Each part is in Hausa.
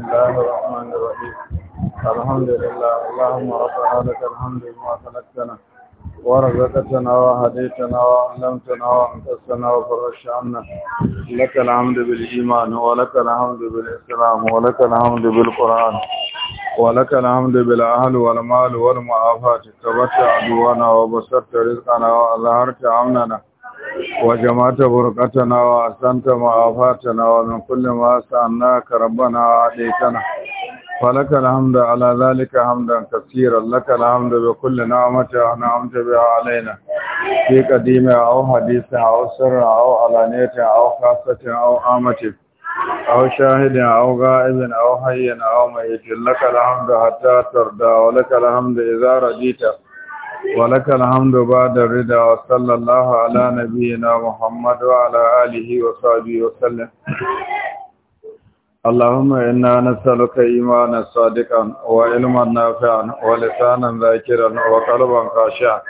بسم الله الرحمن الرحيم الحمد لله اللهم رب لك الحمد لما خلقتنا ورزقتنا وهديتنا وعلمتنا وانقذتنا وفرجت عنا لك الحمد بالايمان ولك الحمد بالاسلام ولك الحمد بالقران ولك الحمد بالاهل والمال والمعافاه كبرت عدونا وبسطت رزقنا واظهرت امننا وجمعت بركتنا وأحسنت معافاتنا ومن كل ما سألناك ربنا وعليتنا فلك الحمد على ذلك حمدا كثيرا لك الحمد بكل نعمة أنعمت بها علينا في قديمة أو حديث أو سر أو علانية أو خاصة أو عامة أو شاهد أو غائب أو حي أو ميت لك الحمد حتى ترضى ولك الحمد إذا رجيت ولك الحمد بعد الرضا وصلى الله على نبينا محمد وعلى آله وصحبه وسلم اللهم إنا نسألك إيمانا صادقا وعلما نافعا ولسانا ذاكرا وقلبا خاشعا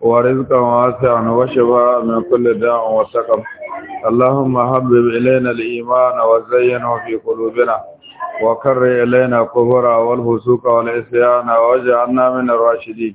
ورزقا واسعا وشفاء من كل داع وسقم اللهم حبب إلينا الإيمان وزينه في قلوبنا وكر إلينا الكفر والفسوق والإسيان واجعلنا من الراشدين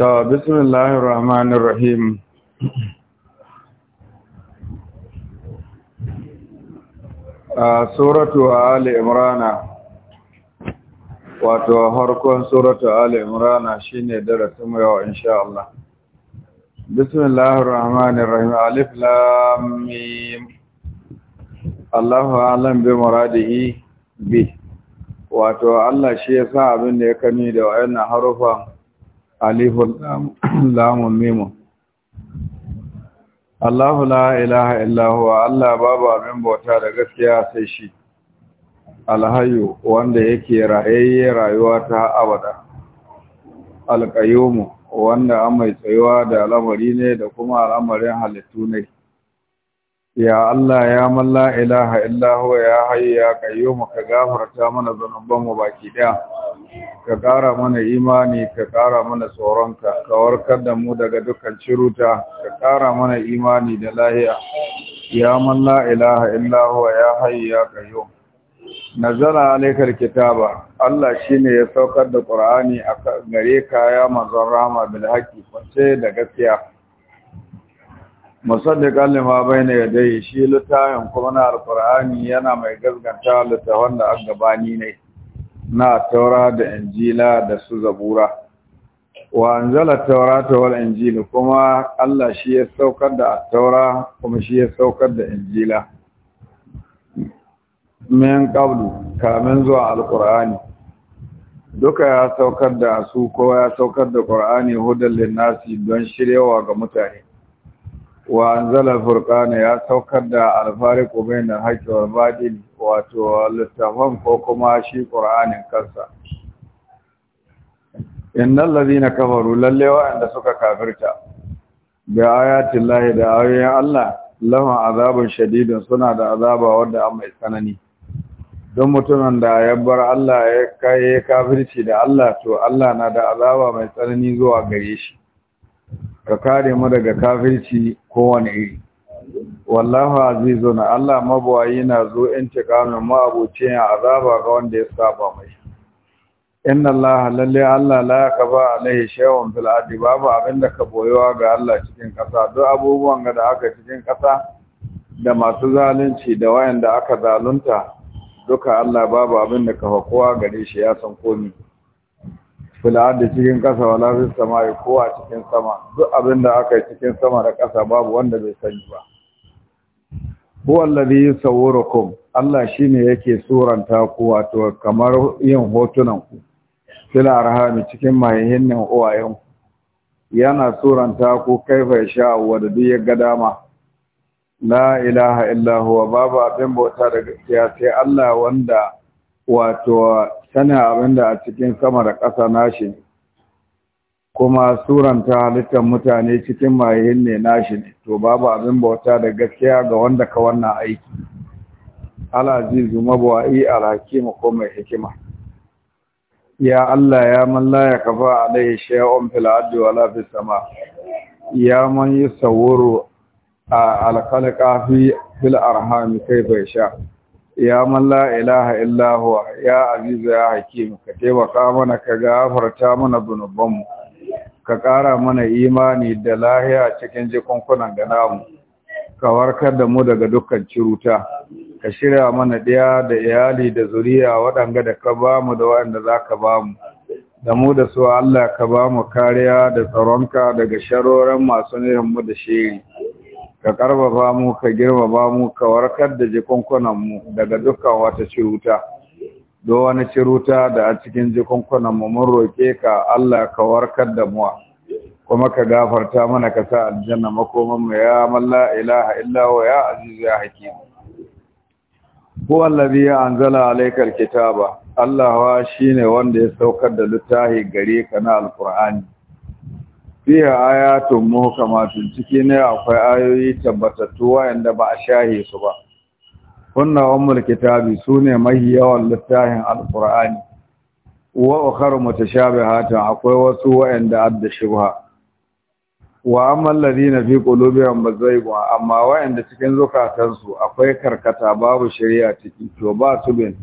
To, bismillahir rahmanir rahim. A suratu Ali Imrana wato harkon suratu Ali Imrana shine darasin mu yau insha Allah. Bismillahir rahmanir rahim. Alif lam Allahu a'lam bi muradihi bi. Wato Allah shi ya sa abin da ya kani da wayannan harufan alifun lamun mimun Allahu la ilaha illahu Allah babu abin bauta da gaskiya sai shi alhayu wanda yake rayayye rayuwa ta abada alqayyum wanda amai mai tsayuwa da al'amari ne da kuma al'amarin halittu ne ya Allah ya man la ilaha illa ya hayyu ya qayyum ka gafarta mana zanuban mu baki daya ka ƙara mana imani ka ƙara mana tsoronka ka warkar da mu daga dukkan ciruta ka ƙara mana imani da lahiya ya man la ilaha illa ya hayyu ya qayyum nazala kitaba Allah shine ya saukar da Qur'ani aka gare ka ya manzon rahma bil da gaskiya musaddiqan lima bayna yadayhi shi littafin kuma na alqur'ani yana mai gaskanta littafin da an gabani ne na taura da injila da su zabura wa anzala taurata wal injil kuma Allah shi ya saukar da taura kuma shi ya saukar da injila min qablu kamin zuwa alqur'ani duka ya saukar da su kowa ya saukar da ƙur'ani hudar linnasi don shiryawa ga mutane wa anzala furqana ya saukar da alfariqu bainal haqqi wal batil wato littafan ko kuma shi qur'anin kansa innal ladina kafaru lalle wa'anda suka kafirta bi ayatin lahi da ayoyin Allah lahum azabun shadidun suna da azaba wanda an mai tsanani don mutumin da ya bar Allah ya kai kafirci da Allah to Allah na da azaba mai tsanani zuwa gare shi ka kare mu daga kafirci kowane iri wallahu azizun Allah mabuwayi na zo in intiqamin mu abocin azaba ga wanda ya saba mai inna Allah lalle Allah la yakaba alaihi shay'un fil ardi babu abinda ka boyewa ga Allah cikin kasa duk abubuwan da aka cikin kasa da masu zalunci da wayanda aka zalunta duka Allah babu abinda ka hakuwa gare shi ya san komai fila da cikin ƙasa wala fi sama ya kowa cikin sama duk abin da aka yi cikin sama da ƙasa babu wanda bai sani ba huwa alladhi yusawwirukum Allah shine yake suranta ku wato kamar yin hotunan ku fil cikin mahihin uwayen ku yana suranta ku kaifa sha wa da duk ya ga dama la ilaha illa huwa babu abin bauta da gaskiya sai Allah wanda wato sani abin da a cikin sama da ƙasa nashi ne kuma suranta halittar mutane cikin mayayin ne nashi ne to babu abin bauta da gaskiya ga wanda ka wannan aiki alazizu mabwa'i alhakimu ko mai hikima ya Allah ya man la kafa a ɗaya fil ardi a lafi sama ya man yi sauro a fi fil'arhami kai sha. sha ya man la ilaha illa ya azizu ya hakim ka taimaka mana ka gafarta mana zunubanmu ka ƙara mana imani da lahiya cikin jikunkunan da namu ka warkar da mu daga dukkan ciruta ka shirya mana ɗaya da iyali da zuriya waɗanga da ka ba mu da waɗanda za ka ba mu da mu da su Allah ka ba mu kariya da tsaronka daga sharoran masu mu da shiri ka karfafa mu ka girmama mu ka warkar da jikunkunanmu mu daga dukkan wata ciruta do wani ciruta da a cikin jikunkunanmu mu mun roƙe ka Allah ka warkar da mu kuma ka gafarta mana ka sa aljanna makoman mu ya malla ilaha illa ya azizu ya hakim ko allazi anzala alayka alkitaba Allah wa shine wanda ya saukar da littafi gare ka na alqur'ani fiya ayatun muhkamatun ciki ne akwai ayoyi tabbatattu wayanda ba a shahe su ba kunna ummul kitabi sune mahi yawan littafin alqur'ani wa akharu mutashabihatun akwai wasu wayanda adda shubha wa amma alladhina fi qulubihim ba amma wayanda cikin su akwai karkata babu shari'a ciki to ba su bin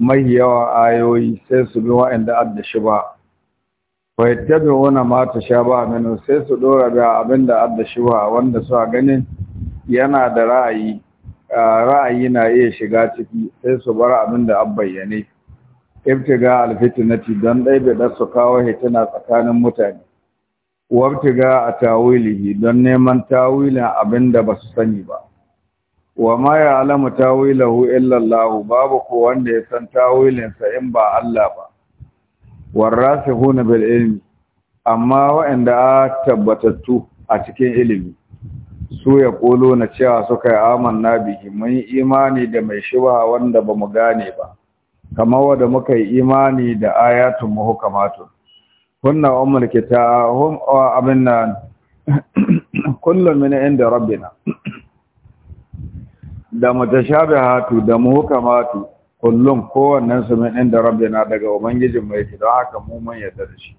mahi yawan ayoyi sai su bi wayanda adda shubha wa yattabi'una sha ba minhu sai su dora ga abinda adda shuwa wanda su a ganin yana da ra'ayi ra'ayi na iya shiga ciki sai su bar abin abinda abbayyane ga alfitinati don ɗai da su kawo hitina tsakanin mutane Wartiga a tawilihi don neman tawilin abinda ba su sani ba wa ma alamu tawilahu illallahu babu ko wanda ya san tawilinsa in ba Allah ba huna bil ilmi amma waɗanda a tabbatattu a cikin ilimi su ya kolo na cewa suka yi amanna bihi mun yi imani da mai shiba wanda ba mu gane ba kamar wanda muka yi imani da ayatun muhukamatun kunna ummul kitahum wa aminna kullum min inda rabbina da mutashabihatu da hukamatu kullum kowannen su min inda rabbina daga ubangijin mai ki don haka mu mun yarda da shi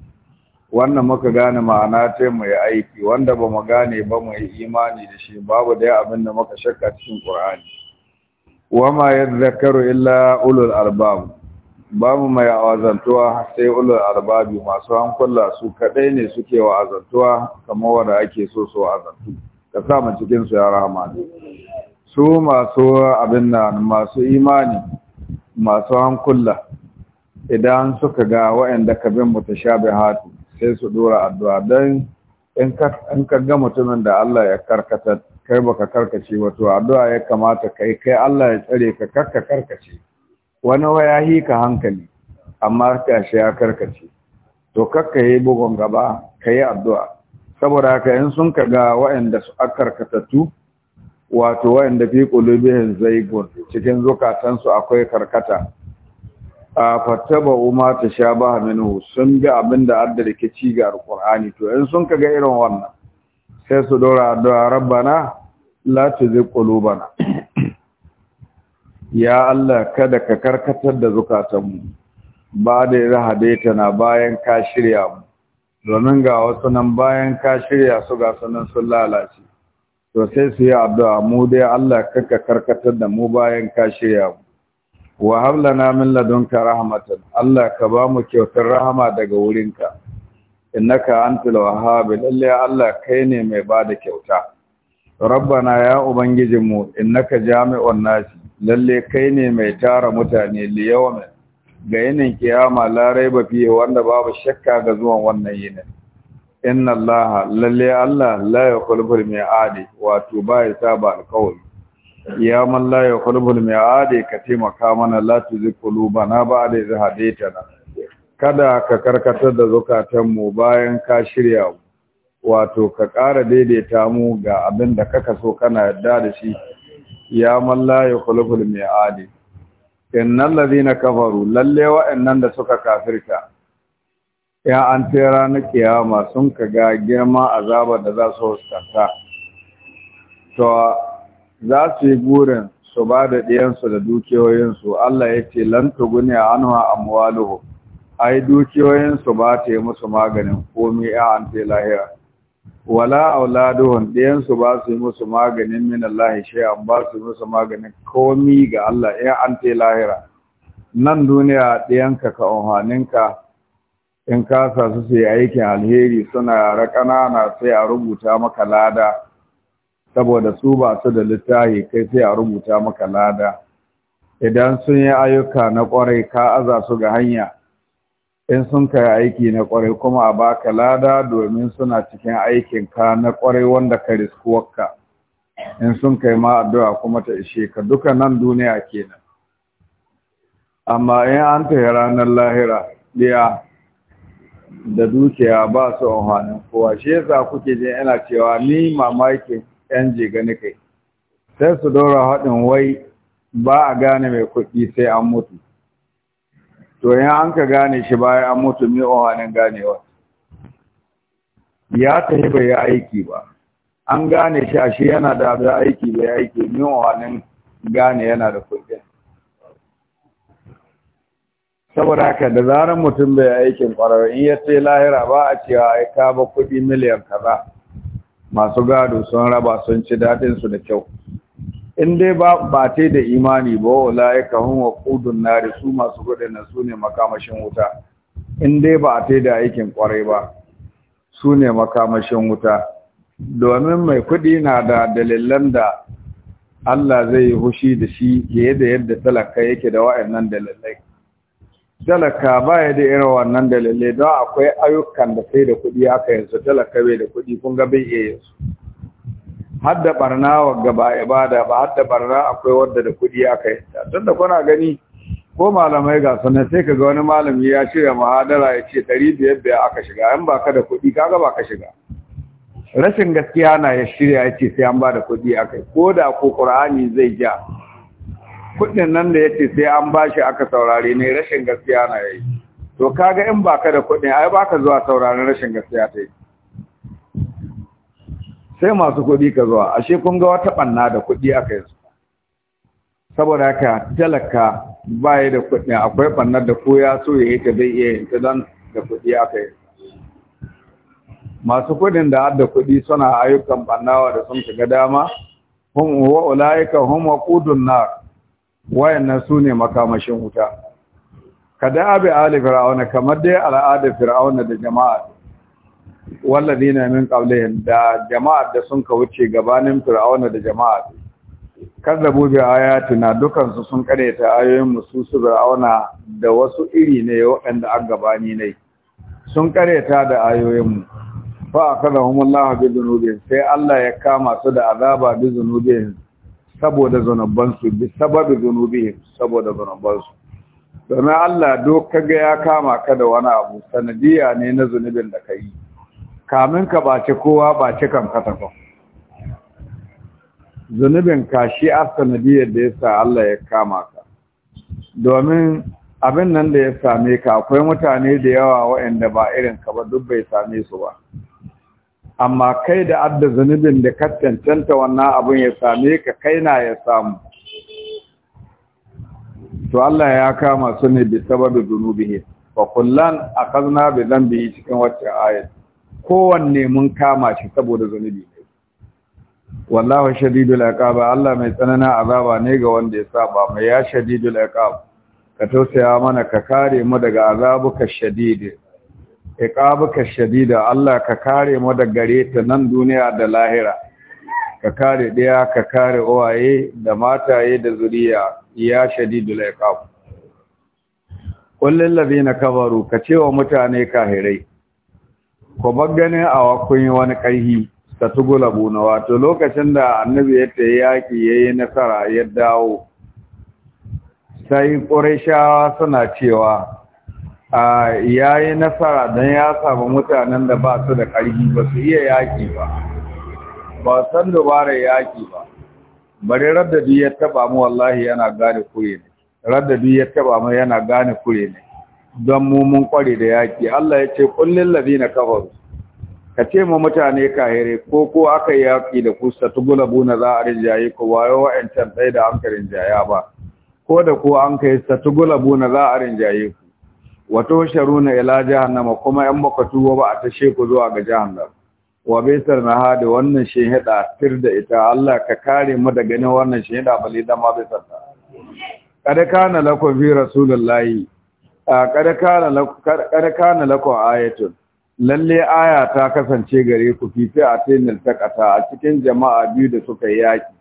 wannan muka gane ma'ana ta mu aiki wanda ba mu gane ba mu yi imani da shi babu dai abin da muka shakka cikin qur'ani wa ma yadhakkaru illa ulul albab babu mai azantuwa sai ulul albabi masu hankula su kadai ne suke wa azantuwa kamar wanda ake so su azantu ka sa mu cikin su ya rahama su masu abin nan masu imani masu hankula idan suka ga waɗanda ka bin hatu sai su dora addu'a don in ka ga mutumin da Allah ya karkata kai baka karkace wato addu'a ya kamata kai kai Allah ya tsare ka karka karkace wani waya hi ka hankali amma shi ya karkace to karka yi bugun gaba ka yi addu'a saboda ka yin sun ka ga waɗanda su akarkatattu wato wayanda fi qulubihim zaygun cikin zukatansu akwai karkata a fattaba umma tashabaha minhu sun bi abinda adda rikici ga alqur'ani to in sun kaga irin wannan sai su dora bana, rabbana la tuzigh qulubana ya Allah kada ka karkatar da zukatanmu ba da rahadaita na bayan ka shirya mu domin ga wasu nan bayan ka shirya su ga sunan sun lalace Sosai sai su yi addu'a mu dai Allah kaka karkatar da mu bayan ka shirya mu wa hablana min ladunka rahmatan Allah ka ba mu kyautar rahama daga wurinka innaka antal wahhab lalle Allah kai ne mai bada kyauta rabbana ya ubangijinmu innaka jami'un nasi lalle kai ne mai tara mutane li yawmin ga yinin kiyama la raiba fiye wanda babu shakka ga zuwan wannan yinin inna allaha lalle allah la yukhliful mi'ad wato baya saba alqawl ya man la yukhliful mi'ad ka taimaka mana la bana ba da idh hadaytana kada ka karkatar da zukatan mu bayan ka shirya wato ka ƙara daidaita mu ga abin da kaka so kana yadda da shi ya man la yukhliful mi'ad innal ladina kafaru lalle wa'annan da suka kafirta ya an ta na kiyama sun ka girma azaba da za su huskanta to za su yi burin su ba da ɗiyansu da dukiyoyinsu Allah ya ce lanta gune a anuwa a ai dukiyoyinsu ba ta yi musu maganin komi ya an ce lahira wala auladuhun ɗiyansu ba su yi musu maganin min Allah shay'an ba su yi musu maganin komi ga Allah ya an ce lahira nan duniya ɗiyanka ka umarninka in kasa su su aikin alheri suna yare ƙanana sai a rubuta maka lada saboda su ba su da littahi kai sai a rubuta maka lada idan sun yi ayyuka na ƙwarai ka aza su ga hanya in sun kai aiki na ƙwarai kuma a baka lada domin suna cikin aikin ka na ƙwarai wanda ka riskuwarka in sun kai ma addu'a kuma ta ishe ka duka nan duniya kenan amma in an tafi ranar lahira liya da dukiya ba su amfanin kowa shi yasa kuke jin yana cewa ni mamakin yan je gani kai sai su daura haɗin wai ba a gane mai kuɗi sai an mutu to yin an ka gane shi bayan an mutu mai amfanin ganewa ya ta yi bai yi aiki ba an gane shi a shi yana da aiki bai aiki mai amfanin gane yana da kuɗi saboda haka da zarar mutum bai aikin kwararru in ya ce lahira ba a cewa ai ka ba kuɗi miliyan kaza masu gado sun raba sun ci daɗin su da kyau in dai ba ba te da imani ba wa la'ika hun wa ƙudun nari su masu kuɗi na su ne makamashin wuta in dai ba te da aikin kwarai ba su ne makamashin wuta domin mai kuɗi na da dalilan da Allah zai yi hushi da shi fiye da yadda talaka yake da wa'annan dalilai talaka baya da irin wannan dalilai don akwai ayyukan da kai da kuɗi aka yanzu talaka bai da kuɗi kun ga bai iya yanzu har da barna wa gaba ibada ba har barna akwai wadda da kuɗi aka yanzu tun da kuna gani ko malamai ga sannan sai ka ga wani malami ya shirya muhadara ya ce ɗari biyar biyar aka shiga in baka da kuɗi kaga ba ka shiga rashin gaskiya na ya shirya ya ce sai an ba da kuɗi aka yi ko da ko ƙur'ani zai ja kuɗin nan da yake sai an bashi aka saurare ne rashin gaskiya na yayi to kaga in baka da kuɗin ai baka zuwa sauraren rashin gaskiya ta yi sai masu kuɗi ka zuwa ashe kun ga wata banna da kuɗi aka yi saboda haka talaka baya da kuɗi akwai bannar da ko ya so ya yi ta zai iya yin ta don da kuɗi aka yi masu kuɗin da har da kuɗi suna ayyukan bannawa da sun shiga dama hum wa ulaika hum waqudun nar wayannan su ne makamashin wuta kada abi ali fir'auna kamar dai al'ada fir'auna da jama'a walladina min qablihim da jama'a da sun ka wuce gabanin fir'auna da jama'a kazzabu bi ayatina dukan su sun ta ayoyin musu su fir'auna da wasu iri ne waɗanda an gabani ne sun kareta da ayoyin mu fa akadahumullahu bi dhunubihim sai Allah ya kama su da azaba bi dhunubihim saboda zunubansu bi sababi zunubihim saboda zunubansu domin Allah duk kaga ya kama ka da wani abu sanadiya ne na zunubin da ka kamin ka bace kowa bace kan tafa zunubin ka shi a sanadiyar da yasa Allah ya kama ka domin abin nan da ya same ka akwai mutane da yawa waɗanda ba irin ka ba duk bai same su ba amma kai da adda zunubin da ka cancanta wannan abin ya same ka kai na ya samu to Allah ya kama su ne bi sababi zunubihi wa kullan akazna bi dhanbihi cikin wacce ayat kowanne mun kama shi saboda zunubi wallahu shadidul iqab Allah mai tsanana azaba ne ga wanda ya saba mai ya shadidul iqab ka tausaya mana ka kare mu daga azabuka shadidin iqabuka shadida Allah ka kare mu da gare ta nan duniya da lahira ka kare ɗaya ka kare uwaye da mataye da zuriya ya shadidul iqab kullal ladina kafaru ka ce mutane kahirai ko bagane a kun yi wani karhi ta tugula buna, wato lokacin da annabi ya ta yaki yayi nasara ya dawo sai quraishawa suna cewa ya yi nasara don ya samu mutanen da ba su da ƙarfi ba su iya yaƙi ba ba san dubarar yaƙi ba bari raddadi ya taba mu wallahi yana gane kure ne raddadi ya taba mu yana gane kure ne don mu mun kware da yaƙi Allah ya ce kullil ladina kafaru ka ce ma mutane kahire ko ko aka yaƙi da ku satugulabuna za a rinjaye ku wayo wa'ancan ɗaya da an ka rinjaya ba ko da ko an kai satugulabuna za a rinjaye ku wato sharuna ila jahannama kuma yan baka ba a tashe ku zuwa ga jahannam wa na nahada wannan hada tir da ita Allah ka kare mu daga ganin wannan hada bali da ma baisar ta kada kana lako fi rasulullahi kada kana lako kada kana lako ayatun lalle aya ta kasance gare ku fifi a tainil takata a cikin jama'a biyu da suka yaki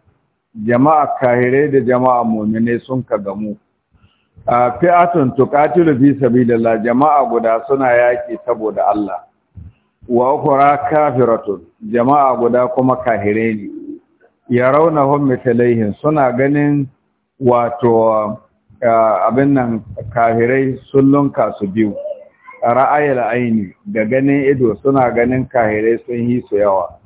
jama'a kahire da jama'a mu'mine sun ka gamu a fi'atun tuqatilu fi sabilillah jama'a guda suna yaki saboda Allah wa ukhra kafiratun jama'a guda kuma kahire ne yarawnahum mithlaihin suna ganin wato abin nan kahirai sun lunka su biyu ra'ayil aini da ganin ido suna ganin kahirai sun yi su yawa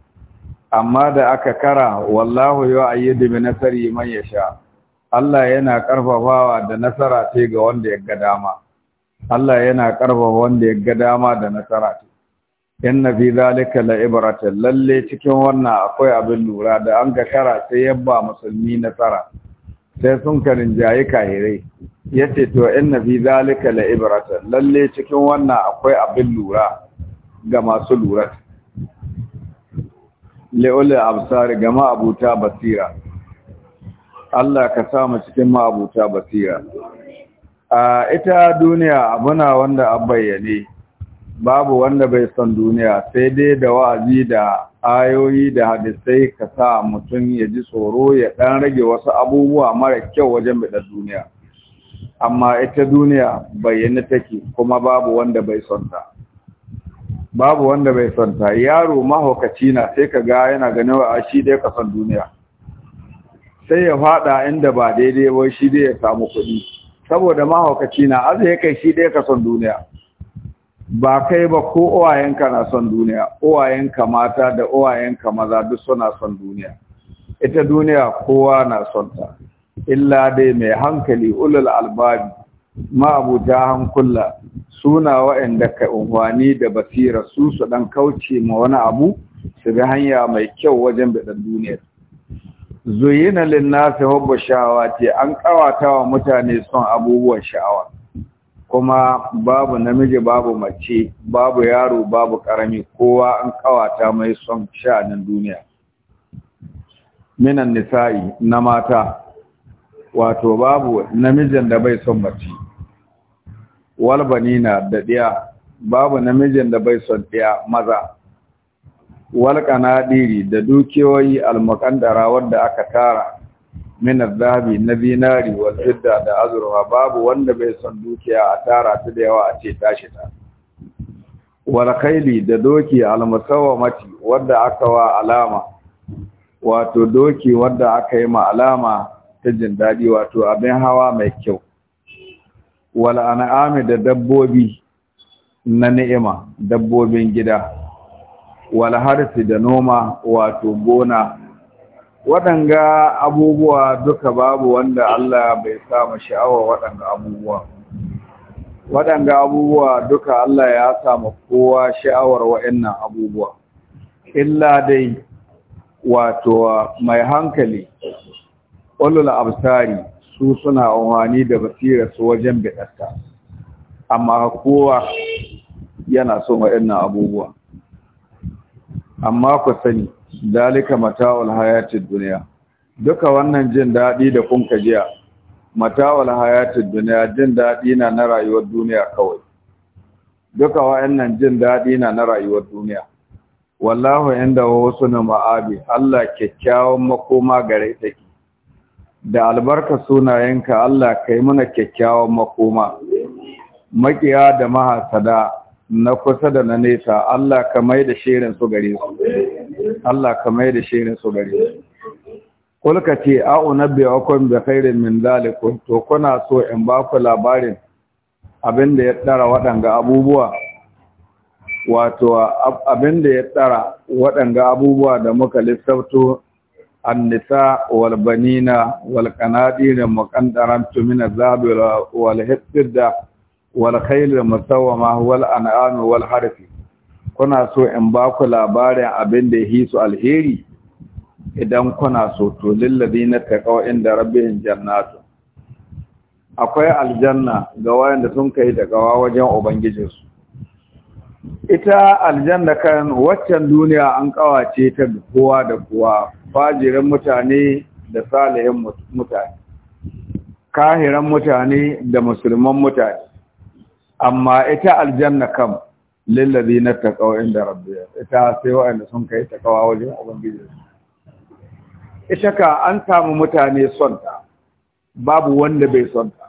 amma da aka kara wallahu yu'ayyidu bi nasari man yasha Allah yana ƙarfafawa da nasara ce ga wanda ya ga dama Allah yana ƙarfafa wanda ya ga dama da nasara ce inna fi zalika la lalle cikin wannan akwai abin lura da an ga kara sai yabba musulmi nasara sai sun karin jayi kahirai yace to inna fi zalika la ibratan lalle cikin wannan akwai abin lura ga masu lura le'ul absar gama abuta basira Allah ka sa mu cikin ma'abuta basira a ita duniya abuna wanda a bayyane babu wanda bai son duniya sai dai da wa'azi da ayoyi da hadisai ka sa mutum ya ji tsoro ya ɗan rage wasu abubuwa mara kyau wajen bidan duniya amma ita duniya bayyane take kuma babu wanda bai son ta babu wanda bai son ta yaro mahaukaci na sai ka ga yana ganin wa'ashi dai ka san duniya sai ya faɗa inda ba daidai ba shi dai ya samu kuɗi saboda mahaukaci na azai kai shi dai ka son duniya ba kai ba ko uwayenka na son duniya uwayenka mata da uwayenka maza duk suna son duniya ita duniya kowa na son ta illa dai mai hankali ulul albabi ma'abuta hankula suna wa'anda ka unhwani da basira su su dan kauce ma wani abu su bi hanya mai kyau wajen bidan duniyar zuyina linnasi hubbu shahawati an kawata wa mutane son abubuwan sha'awa kuma babu namiji babu mace babu yaro babu karami kowa an kawata mai son sha'anin duniya minan nisa'i na mata wato babu namijin da bai son mace walbanina da ɗiya, babu namijin da bai son ɗiya maza wal qanadiri da dukiyoyi al wadda aka tara min azabi na zinari wal da azurfa babu wanda bai son dukiya a tara ta da yawa a ce tashi ta wal da doki al musawamati wanda aka wa alama wato doki wanda aka yi ma alama ta jin daɗi wato abin hawa mai kyau wal an'ami da dabbobi na ni'ima dabbobin gida wala harfi da noma wato gona waɗanga abubuwa duka babu wanda Allah bai sa mu sha'awa waɗanga abubuwa waɗanga abubuwa duka Allah ya sa mu kowa sha'awar waɗannan abubuwa illa dai wato mai hankali ulul absari su suna amfani da basira su wajen bidatta amma kowa yana so waɗannan abubuwa amma ku sani dalika mata'ul hayatid dunya duka wannan jin dadi da kun kajiya mata'ul hayatid dunya jin dadi na na rayuwar duniya kawai duka wa'annan jin dadi na na rayuwar duniya wallahu inda na ma'abi Allah kyakkyawan makoma gare take da albarka sunayenka Allah kai mana kyakkyawan makoma makiya da mahasada na kusa da na nesa Allah ka mai da shirin su gare su Allah ka mai da shirin su gare su kulka ce a'unabbi akum bi khairin min zalikum to kuna so in ba ku labarin abin da ya tsara waɗanga abubuwa wato abin da ya tsara waɗanga abubuwa da muka lissafto annisa wal banina wal da muqaddaran min azab wal hidda wal khayl musawwama wal an'am wal kuna so in ba ku labarin abin da yi su alheri idan kuna so to lillazina taqaw inda rabbihim jannatu akwai aljanna ga wayanda sun kai daga wajen ubangijinsu ita aljanna kan waccan duniya an kawace ta kowa da kowa fajirin mutane da salihin mutane kahiran mutane da musulman mutane amma ita aljanna kam lillazi na taqaw inda rabbiya ita sai wa'anda sun kai taqawa wajen ubangiji ita ka an samu mutane son ta babu wanda bai son ta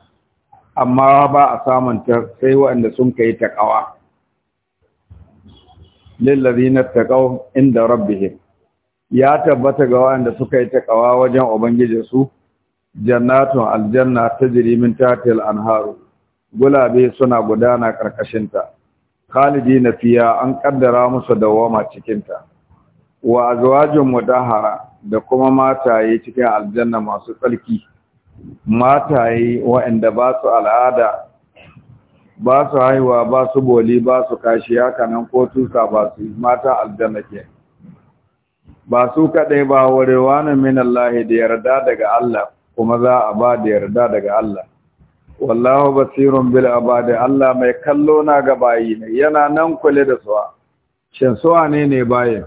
amma ba a samun ta sai wa'anda sun kai taqawa lillazi na taqaw inda rabbihim ya tabbata ga wa'anda suka yi taqawa wajen ubangiji su jannatun aljanna tajri min tahtil anharu gulabe suna gudana ƙarƙashinta khalidi na fiya an ƙaddara musu dawama cikinta wa azwajin mudahara da kuma mataye cikin aljanna masu tsarki mataye waɗanda ba su al'ada ba su haihuwa ba su boli ba su kashi haka nan ko tusa ba su mata aljanna ke ba su kaɗai ba warewa na minallahi da yarda daga Allah kuma za a ba da yarda daga Allah wallahu basirun bil abadi Allah mai kallo na ga bayi ne yana nan kule da suwa shin suwa ne ne bayin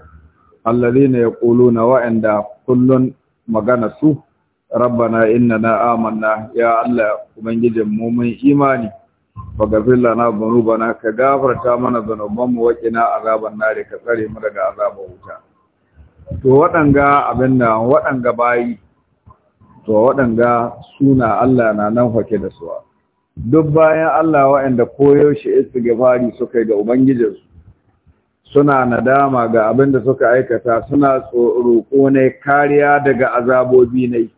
allazina yaquluna wa'anda kullun magana su rabbana innana amanna ya Allah ubangijin mu mun imani faghfir lana dhunubana ka gafarta mana dhunubanmu wa qina azaban nar ka tsare mu daga azabar wuta to waɗanga abinda waɗanga bayi to waɗanga suna Allah na nan hake da suwa duk bayan Allah waɗanda koyaushe shi istighfari suka yi ga ubangijinsu suna nadama ga abin da suka aikata suna roƙo ne kariya daga azabobi ne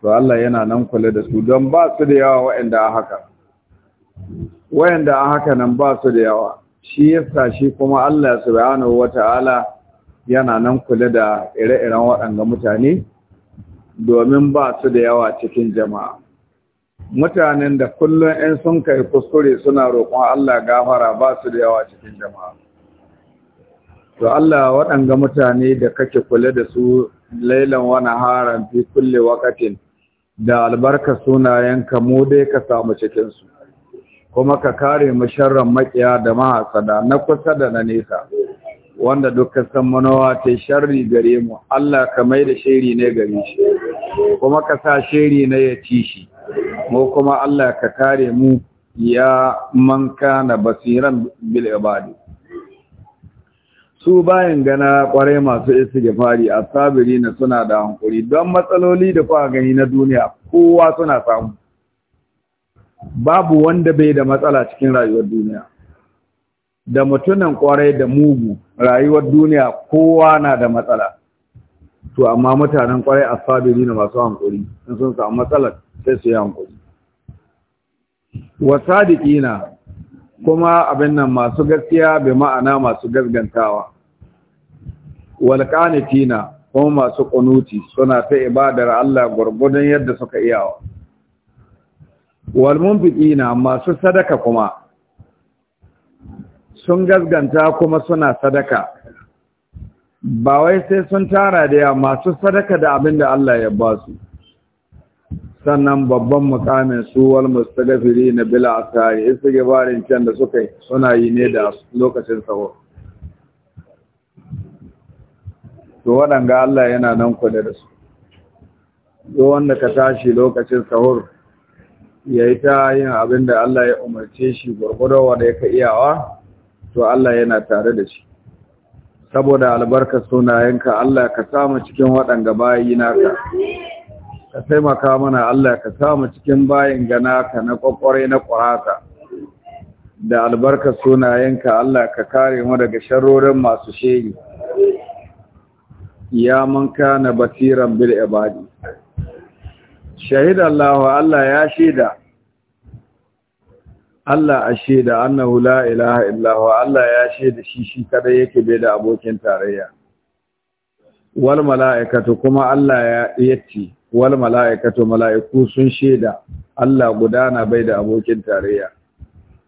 to Allah yana nan kula da su don ba su da yawa waɗanda a haka waɗanda a haka nan ba su da yawa shi yasa shi kuma Allah subhanahu wata'ala yana nan kula da ire-iren waɗanda mutane domin ba su da yawa cikin jama'a mutanen da kullum in sun kai kuskure suna roƙon Allah gafara ba su da yawa cikin jama'a to Allah waɗanga mutane da kake kula da su lailan wani haran fi kulle wakatin da albarka ka mu dai ka samu cikinsu kuma ka kare mu sharran makiya da mahasada na kusa da na nesa wanda duka san manowa ta sharri gare mu Allah ka mai da shiri ne gare shi kuma ka sa shiri ne ya ci shi mu kuma Allah ka kare mu ya man kana basiran bil ibadi su bayan gana kwarai masu a asabiri na suna da hankuri don matsaloli da kwa gani na duniya kowa suna samu babu wanda bai da matsala cikin rayuwar duniya da mutunan kwarai da mugu rayuwar duniya kowa na da matsala to amma mutanen kwarai asabiri na masu hankuri in sun samu matsala sai su yi hankuri wasadiqina kuma abin nan masu gaskiya bai ma'ana masu gaskantawa walqanitina kuma masu kunuti suna ta ibadar Allah gurgudun yadda suka iyawa walmunfiqina masu sadaka kuma sun gazganta kuma suna sadaka ba wai sai sun tara da yawa masu sadaka da abin da Allah ya ba su sannan babban mukamin su wal na bila asari gabarin can da suka suna yi ne da lokacin sahur to waɗanga Allah yana nan kula da su duk wanda ka tashi lokacin sahur ya yi ta yin abin da Allah ya umarce shi gwargwado da ya ka iyawa to Allah yana tare da shi saboda albarka sunayenka Allah ka samu cikin waɗanda bayi naka ka taimaka mana Allah ka samu cikin bayin ka na kwakware na ƙwarata da albarka sunayenka Allah ka kare mu daga sharorin masu shehi ya man kana basiran bil ibadi shahidallahu Allah ya shaida Allah a shaida annahu la ilaha illahu Allah ya shaida shi shi kada yake bai da abokin tarayya wal mala'ikatu kuma Allah ya yace wal mala'ikatu mala'iku sun shaida Allah gudana bai da abokin tarayya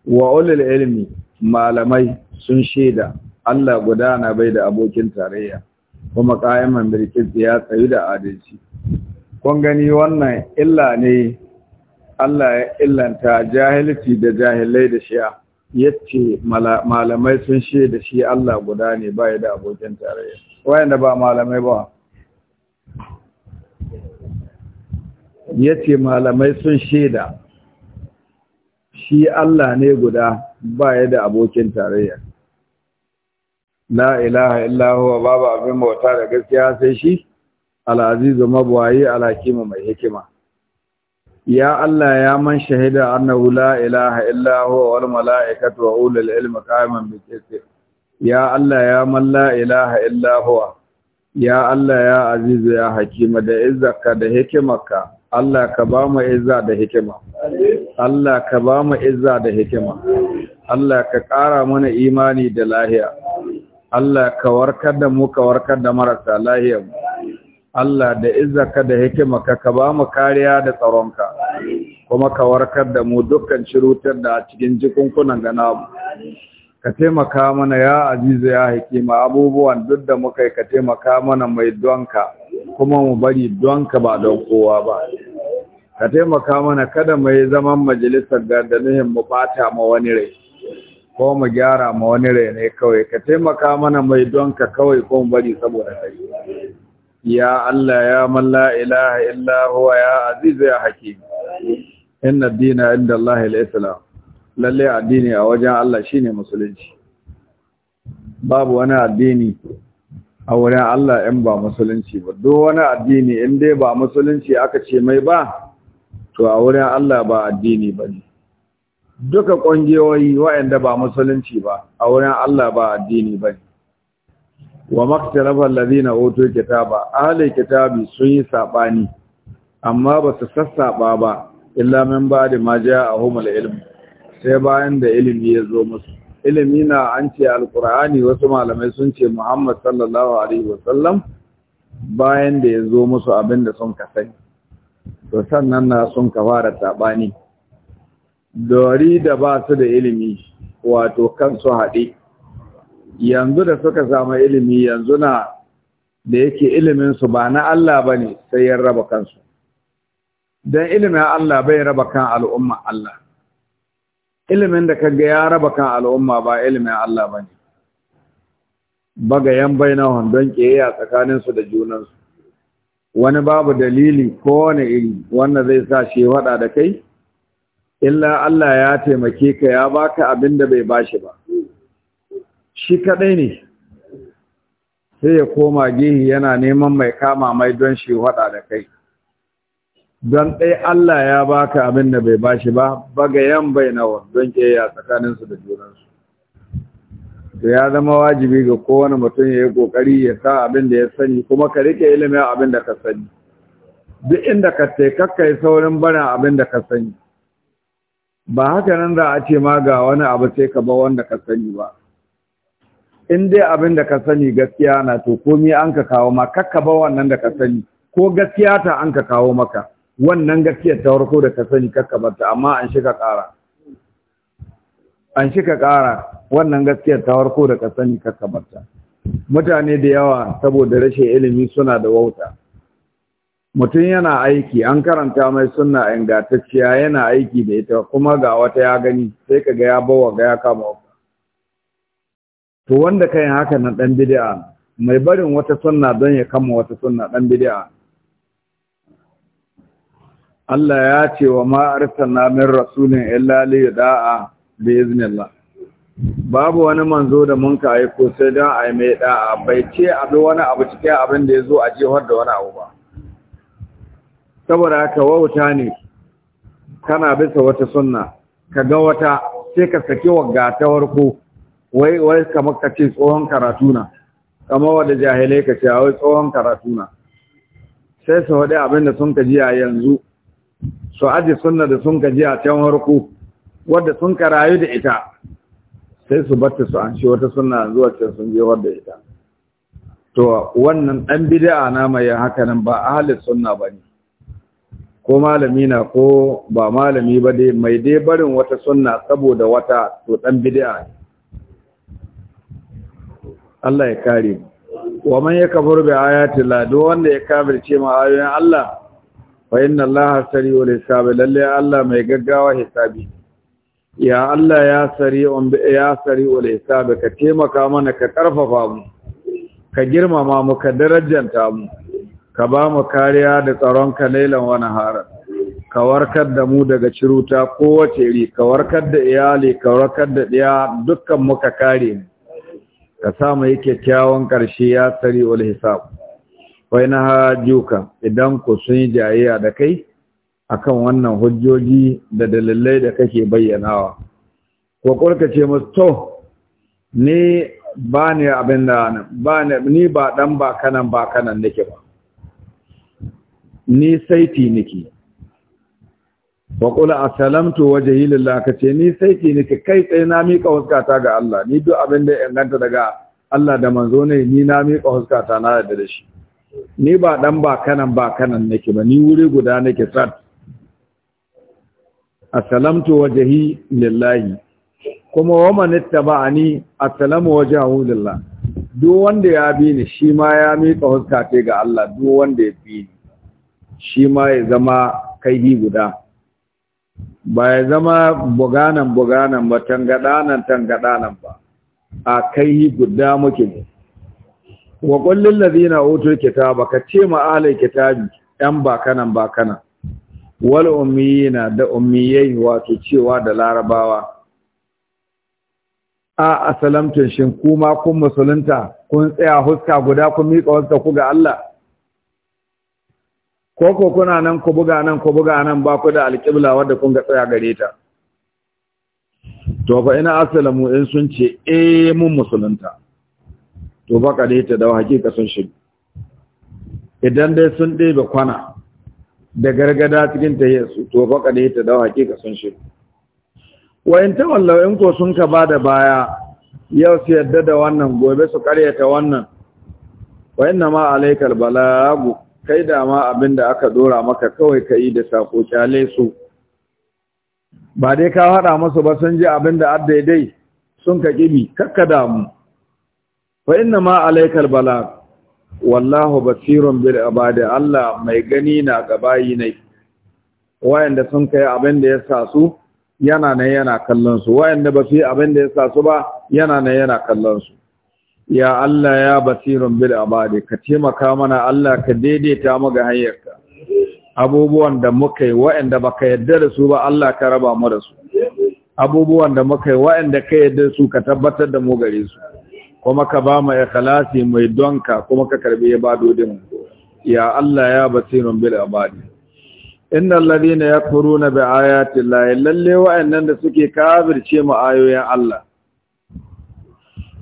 wa ulul ilmi malamai sun shaida Allah gudana bai da abokin tarayya kuma qa'iman bil ya tsayu da adalci kun gani wannan illa ne Allah ya illanta jahilci da jahilai da shi'a yace malamai sun she da shi Allah guda ne ba ya da abokin tarayya wayanda ba malamai ba yace malamai sun da shi Allah ne guda ba ya da abokin tarayya la ilaha illa huwa babu abin bauta da gaskiya sai shi al-azizu mabwayi al mai hikima ya Allah ya man shahida annahu la ilaha illa huwa wal mala'ikatu wa ulul ilmi qa'iman bil qist ya Allah ya man la ilaha illa ya Allah ya aziz ya hakima da izzaka da hikimarka Allah ka ba mu izza da hikima Allah ka ba mu hikima Allah ka ƙara mana imani da lahiya Allah ka warkar da mu ka warkar da marasa lahiyar Allah da izzaka da hikimaka ka ba mu kariya da tsaronka kuma ka warkar da mu dukkan cirutar da a cikin jikunkunan ga namu ka taimaka mana ya azizu ya hikima abubuwan duk da muka yi ka taimaka mana mai donka kuma mu bari donka ba don kowa ba ka taimaka mana kada mu yi zaman majalisar da nuhin mu bata ma wani rai ko mu gyara ma wani rai ne kawai ka taimaka mana mai donka kawai ko mu bari saboda kai ya Allah ya man la ilaha illa huwa ya aziz ya hakim inna ad-dina inda Allah al-islam lalle addini a wajen Allah shine musulunci babu wani addini a wurin Allah in ba musulunci ba duk wani addini in dai ba musulunci aka ce mai ba to a wurin Allah ba addini bane duka kungiyoyi waɗanda ba musulunci ba a wurin Allah ba addini bane wa maktarafa allazina utul kitaba ahli kitabi sun yi sabani amma ba su sassaba ba illa min bada ma ja'ahumul ilm sai bayan da ilimi ya zo musu ilimi na an ce alqur'ani wasu malamai sun ce Muhammad sallallahu alaihi wasallam bayan da ya zo musu abinda da sun kasai to sannan na sun ka fara sabani dori da ba su da ilimi wato kansu haɗe yanzu da suka samu ilimi yanzu na da yake ilimin su ba na Allah bane sai ya raba kansu dan ilimin Allah bai raba kan al'umma Allah ilimin da kaga ya raba kan al'umma ba ilimin Allah bane bagayen bainahun don kiyaya tsakaninsu da junansu wani babu dalili ko wani iri wanda zai sa shi wada da kai illa Allah ya taimake ka ya baka abin da bai bashi ba shi kaɗai ne sai ya koma gihi yana neman mai kama mai don shi waɗa da kai don ɗai Allah ya baka abin da bai bashi ba bagayen bai nawa don ya tsakaninsu da junansu to ya zama wajibi ga kowane mutum ya yi kokari ya sa abin da ya sani kuma ka rike ilimin abin da ka sani duk inda ka te kakka saurin barin abin da ka sani ba haka nan za a ce ma ga wani abu sai ka ba wanda ka sani ba in dai abin da ka sani gaskiya na to komai an ka kawo ma kakka ba wannan da ka sani ko gaskiya ta an ka kawo maka wannan gaskiyar ta farko da ka sani kakka ba ta amma an shiga ƙara an shi ka ƙara wannan gaskiyar ta farko da ka sani ka ta mutane da yawa saboda rashin ilimi suna da wauta mutum yana aiki an karanta mai suna ingantacciya yana aiki da ita kuma ga wata ya gani sai ka ga ya bawa ga ya kama to wanda kayan haka na ɗan bidi'a mai barin wata sunna don ya kama wata sunna ɗan bidi'a Allah ya ce wa ma min rasulin illa da'a bi iznillah babu wani manzo da mun ka aiko sai don a yi mai da'a bai ce abu wani abu cikin abin da ya zo a jihar da wani abu ba saboda haka wauta ne kana bisa wata sunna ka ga wata sai ka saki wa ta warko wai wai kamar ka ce tsohon karatu na kamar wanda jahilai ka ce wai tsohon karatu na sai su haɗe abin da sun kaji a yanzu su aji sunna da sun kaji a can harku wadda sun karayu da ita sai su batta su an shi wata sunna zuwa can sun je wadda ita to wannan ɗan bid'a na mai haka nan ba ahlus sunna bane ko malami na ko ba malami ba dai mai dai barin wata sunna saboda wata to ɗan bid'a Allah ya kare mu wa man yakfur bi ayati la do wanda ya kafirce ma ayoyin Allah fa inna Allah sari'ul hisab lalle Allah mai gaggawa hisabi ya Allah ya sari'un ya sari'ul hisab ka taimaka mana ka karfafa mu ka girmama mu ka darajanta mu ka ba mu kariya da tsaron ka lailan wani nahara ka warkar da mu daga ciruta kowace iri ka warkar da iyali ka warkar da ɗaya dukkan ka kare mu ka samu yake kyawun ƙarshe ya tsari wal hisab wai na hajjuka idan ku sun yi jayayya da kai akan wannan hujjoji da dalilai da kake bayyanawa ko kurka ce musu to ni ba ne abin da ba ni ba dan ba kanan ba kanan nake ba ni saiti nake Waƙula, wa qula waje hilalla lillah ce ni sai ki ka kai tsaye na miƙa huskata ga Allah ni duk abin da ganta daga Allah da manzo ne ni na miƙa huskata na yadda da shi ni ba dan ba kanan ba kanan nake ba ni wuri guda nake sat waje wajhi lillahi kuma waman ittaba'ani assalamu wajhahu lillah duk wanda ya bi ni shi ma ya miƙa huskata ga Allah duk wanda ya bi ni shi ma ya zama kaihi guda ba ya zama buganan buganan ba tangadanan tangadanan ba a kai guda muke ne wa na ladina utul kitaba ka ce ma ahlul kitabi yan bakanan bakanan wal ummiyina da ummiyai wato cewa da larabawa a asalamtun shin kuma kun musulunta kun tsaya huska guda kun miƙa wasu ku ga Allah ko ko kuna nan ku buga nan ku buga nan ba ku da alƙibla wanda kun ga tsaya gare ta to fa ina asalamu in sun ce eh mun musulunta to ba kare ta da hakika sun shi idan dai sun ɗebe kwana da gargada cikin yesu to ba kare ta da hakika sun shi wa in wallahi in ko sun ka bada baya yau su yadda da wannan gobe su karyata wannan wa inna ma alaikal balagu kai dama abin da aka dora maka kawai ka yi da sako kyale su ba dai ka haɗa masu ba sun ji abin da daidai sun ka ƙibi kakka damu fa inna ma alaikal bala wallahu basirun bil bada Allah mai gani na gaba yi ne wayanda sun kai abin da ya sa su yana nan yana kallon su wayanda ba su yi abin da ya sa su ba yana nan yana kallon su ya Allah ya basirun bil abadi ka taimaka mana Allah ka daidaita mu ga hanyarka abubuwan da muka yi waɗanda baka yarda da su ba Allah ka raba mu da su abubuwan da muka yi waɗanda ka yarda su ka tabbatar da mu gare su kuma ka ba mu ikhlasi mai donka kuma ka karbi ibadodin ya Allah ya basirun bil abadi innal ladina yakfuruna bi ayati llahi lalle waɗannan da suke kafirce mu ayoyin Allah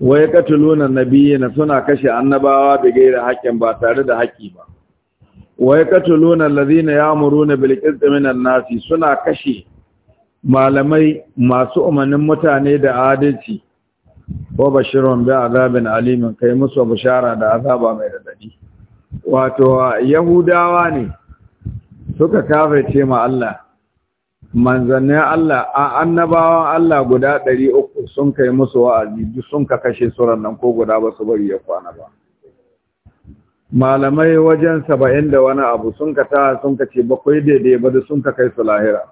wa ya katuluna nabiyina suna kashe annabawa da gaira haƙƙin ba tare da haƙƙi ba wa ya katuluna allazina ya'muruna bil qisti minan nasi suna kashe malamai masu umarnin mutane da adalci wa bashirun bi azabin alimin kai musu bishara da azaba mai radadi wato yahudawa ne suka kafirce ma Allah manzannin Allah a annabawan Allah guda ɗari uku sun kai musu wa'azi duk sun ka kashe suran nan ko guda ba su bari ya kwana ba malamai wajen saba'in da wani abu sun ka ta sun ka ce bakwai daidai ba da sun ka kai su lahira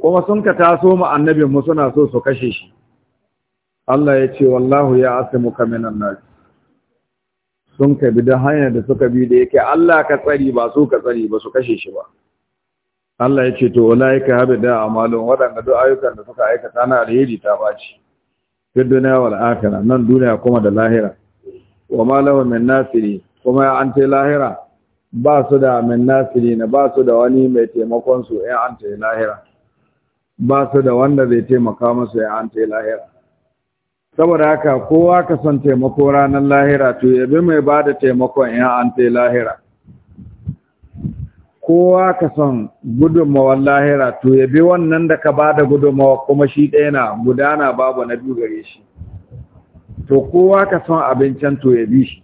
kuma sun ka taso ma annabinmu suna so su kashe shi Allah ya ce wallahu ya asimu kaminan nasi sun ka bi da hanyar da suka bi da yake Allah ka tsari ba su ka tsari ba su kashe shi ba Allah ya ce to walaika habida amalun wadanda duk ayyukan da suka aikata na alheri ta baci fi dunya wal akhira nan duniya kuma da lahira wa ma lahu min nasiri kuma an ta lahira ba su da min nasiri na ba su da wani mai taimakon su ya an ta lahira ba su da wanda zai taimaka musu ya an ta lahira saboda haka kowa ka son taimako ranar lahira to yabi mai ba da taimakon in an ta lahira kowa ka son gudunmawar lahira to ya bi wannan da ka ba da gudunmawa kuma shi ɗaya na gudana babu na biyu gare shi to kowa ka son abincin to ya bi shi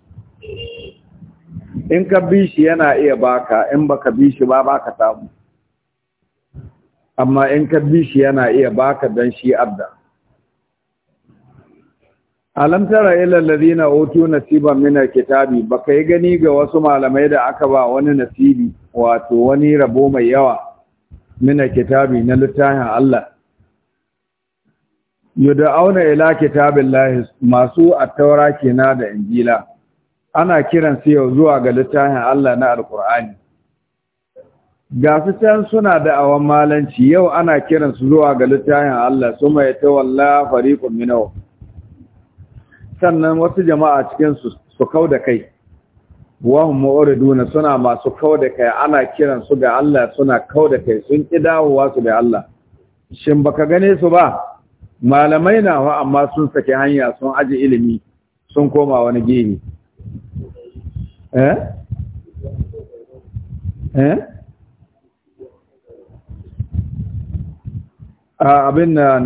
in ka bi shi yana iya baka in baka bi shi ba baka samu amma in ka bi shi yana iya baka don shi abda alam tara ila alladhina utu nasiban min kitabi, baka yi gani ga wasu malamai da aka ba wani nasibi wato wani rabo mai yawa mina kitabi na littafin Allah auna ila kitabillahi masu attaura taura da injila ana kiran su yau zuwa ga littafin Allah na alqur'ani ga can suna da awan malanci yau ana kiran su zuwa ga littafin Allah ta walla fariqun minau. sannan wasu jama'a cikinsu su su kauda kai wa hum mu'riduna suna masu kauda kai ana kiran su ga Allah suna kauda kai sun kidawowa su da Allah shin baka gane su ba malamai na wa amma sun sake hanya sun aji ilimi sun koma wani gini eh eh abin nan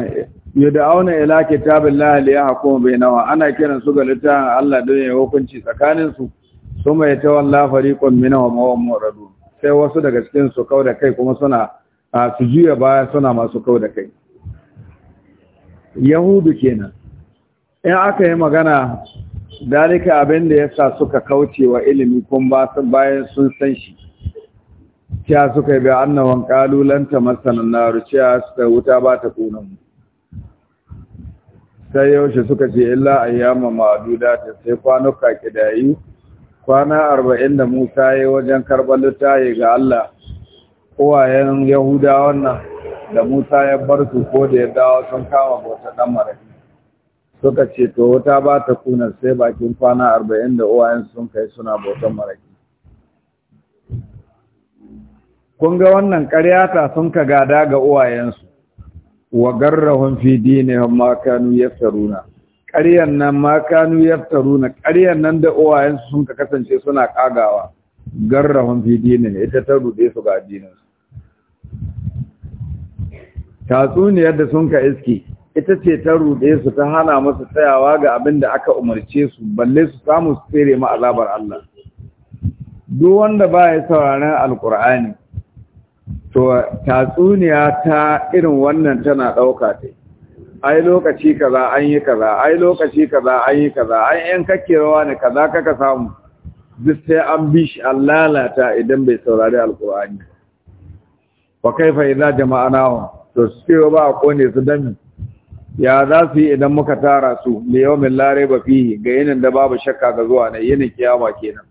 yad'auna ila kitabillahi liyahkum bainahum ana kiran su ga littafin Allah don ya hukunci tsakaninsu suma ya tawalla fariqun minhum wa hum muradun sai wasu daga cikin su kauda kai kuma suna su juya baya suna masu kauda kai yahudu kenan in aka yi magana dalika abin da yasa suka kauce wa ilimi kun ba bayan sun san shi cewa suka yi bayan annawan kalulanta ta masanan naru cewa suka wuta ba ta kunan sai yaushe suka ce illa ayyama ma'aduda ta sai kwanuka kidayi kwana arba'in da Musa ya wajen karɓar littafi ga Allah kowayen Yahuda wannan da Musa ya bar su ko da ya dawo sun kama bauta ɗan marafi suka ce to wata ba ta kuna sai bakin kwana arba'in da uwayen sun kai suna bautan maraƙi. Kun ga wannan ƙaryata sun ka gada ga uwayensu, wa garrahun fi dinihim ma kanu yaftaruna. ƙaryan nan ma kanu na ƙaryan nan da uwayensu sun ka kasance suna ƙagawa garrahun fidini ne ita ta rude su ga addinin tatsuniyar da sun ka iske ita ce ta rude su ta hana musu tsayawa ga abin da aka umarce su balle su samu su tsere ma azabar Allah duk wanda ba ya sauraron alkur'ani to tatsuniya ta irin wannan tana ɗauka ta ai lokaci kaza an yi kaza ai lokaci kaza an yi kaza ai yan rawa ne kaza kaka samu duk sai an bi shi an lalata idan bai saurari alkur'ani wa kaifa idza hu to sai ba ko ne su dan ya za su yi idan muka tara su li yawmin la raiba fihi ga yinin da babu shakka ga zuwa ne yinin kiyama kenan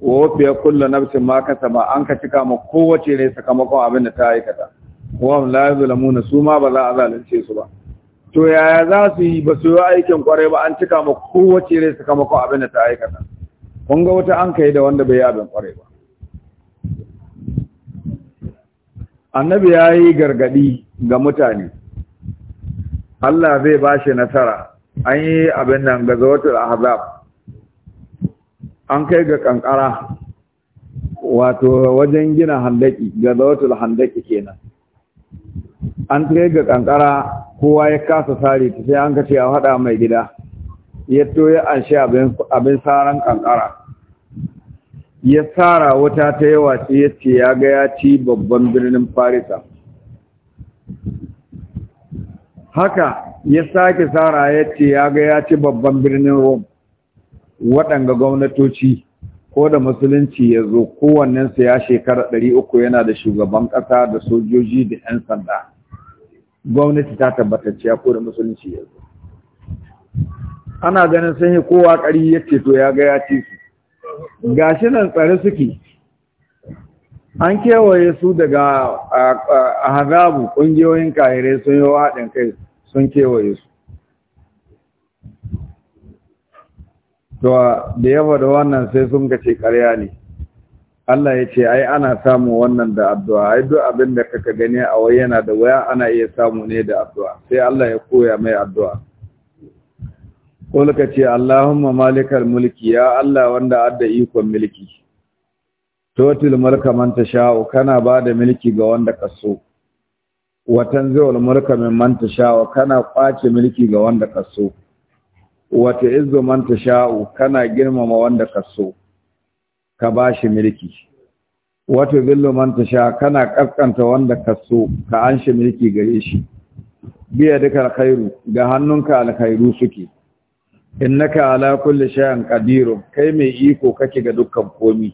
wa wafiya kullu nafsin ma kasaba an ka cika ma kowace ne sakamakon abin da ta aikata wa la yuzlamuna su ma ba za a zalunce su ba to yaya za su yi ba su yi aikin kwarai ba an cika ma kowace rai sakamakon abin da ta aikata kun ga wata an kai da wanda bai yi abin kwarai ba annabi ya yi gargadi ga mutane Allah zai ba shi nasara an yi abin nan ga zawatul ahzab an kai ga kankara wato wajen gina handaki ga zawatul handaki kenan an tsaye ga kankara kowa ya kasa sare ta sai an kace a haɗa mai gida ya toye an shi abin saran kankara ya tsara wata ta yawa ce ya ce ya ga ya ci babban birnin farisa haka ya sake tsara ya ce ya ga ya ci babban birnin rome waɗanga gwamnatoci ko da musulunci ya zo kowannensu ya shekara uku yana da shugaban ƙasa da sojoji da 'yan sanda gwamnati ta ya ko da musulunci ya zo ana ganin sun kowa ƙari ya to ya ga ya ci su shi nan tsare suke an kewaye su daga hazabu ƙungiyoyin kahirai sun yi haɗin kai sun kewaye su to da yawa da wannan sai sun gace karya ne Allah ya ce ai ana samu wannan da addu'a ai duk abin da kaka gani a wai yana da waya ana iya samu ne da addu'a sai Allah ya koya mai addu'a kulka ce Allahumma malikal mulki ya Allah wanda adda ikon mulki totil mulka man tasha'u kana bada mulki ga wanda ka so Watan tanzi'ul mulka manta tasha'u kana kwace mulki ga wanda ka so Wata man tasha'u kana girmama wanda ka so ka ba shi mulki wato billu man sha kana kaskanta wanda ka so ka an shi mulki gare shi biya duka alkhairu ga hannunka alkhairu suke innaka ala kulli shay'in qadirun kai mai iko kake ga dukkan komi